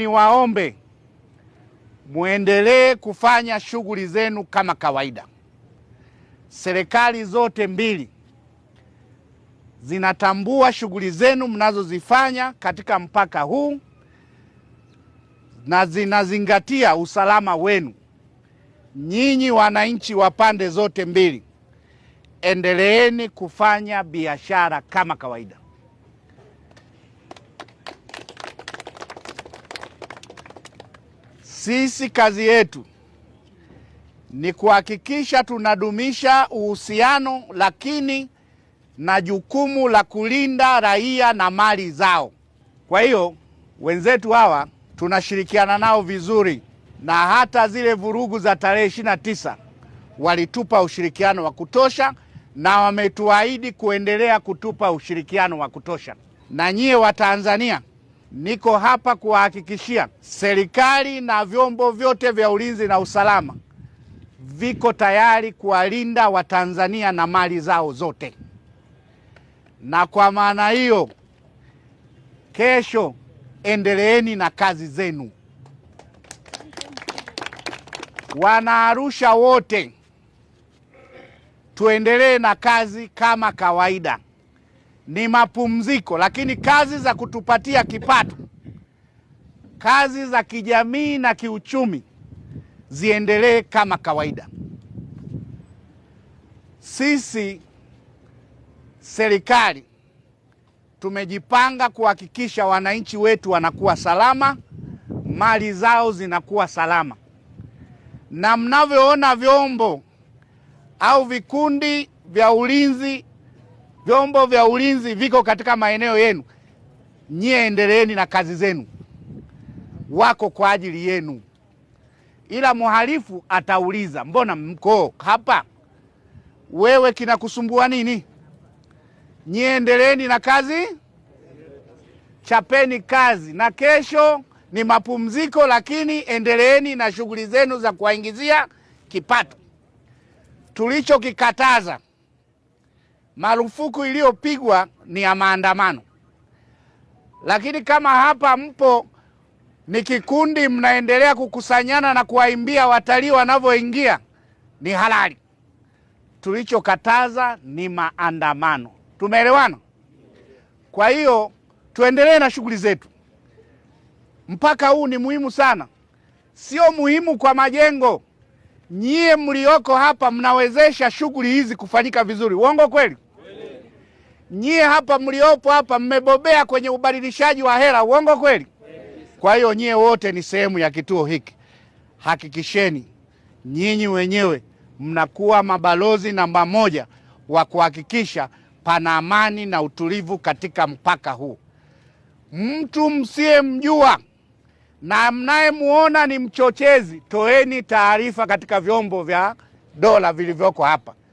Niwaombe muendelee kufanya shughuli zenu kama kawaida. Serikali zote mbili zinatambua shughuli zenu mnazozifanya katika mpaka huu na zinazingatia usalama wenu. Nyinyi wananchi wa pande zote mbili, endeleeni kufanya biashara kama kawaida. Sisi kazi yetu ni kuhakikisha tunadumisha uhusiano, lakini na jukumu la kulinda raia na mali zao. Kwa hiyo wenzetu hawa tunashirikiana nao vizuri, na hata zile vurugu za tarehe ishirini na tisa walitupa ushirikiano wa kutosha, na wametuahidi kuendelea kutupa ushirikiano wa kutosha. Na nyie Watanzania Niko hapa kuwahakikishia serikali na vyombo vyote vya ulinzi na usalama viko tayari kuwalinda Watanzania na mali zao zote, na kwa maana hiyo, kesho endeleeni na kazi zenu. Wanaarusha wote, tuendelee na kazi kama kawaida ni mapumziko, lakini kazi za kutupatia kipato, kazi za kijamii na kiuchumi ziendelee kama kawaida. Sisi serikali tumejipanga kuhakikisha wananchi wetu wanakuwa salama, mali zao zinakuwa salama, na mnavyoona vyombo au vikundi vya ulinzi vyombo vya ulinzi viko katika maeneo yenu, nyie endeleeni na kazi zenu, wako kwa ajili yenu, ila mhalifu atauliza mbona mko hapa? Wewe kinakusumbua nini? Nyie endeleeni na kazi, chapeni kazi, na kesho ni mapumziko, lakini endeleeni na shughuli zenu za kuwaingizia kipato. Tulichokikataza marufuku iliyopigwa ni ya maandamano, lakini kama hapa mpo ni kikundi mnaendelea kukusanyana na kuwaimbia watalii wanavyoingia, ni halali. Tulichokataza ni maandamano. Tumeelewana? Kwa hiyo tuendelee na shughuli zetu. Mpaka huu ni muhimu sana, sio muhimu kwa majengo. Nyie mlioko hapa mnawezesha shughuli hizi kufanyika vizuri. Uongo kweli? nyie hapa mliopo hapa mmebobea kwenye ubadilishaji wa hela, uongo kweli? Kwa hiyo nyie wote ni sehemu ya kituo hiki. Hakikisheni nyinyi wenyewe mnakuwa mabalozi namba moja wa kuhakikisha pana amani na utulivu katika mpaka huu. Mtu msiyemjua na mnayemwona ni mchochezi, toeni taarifa katika vyombo vya dola vilivyoko hapa.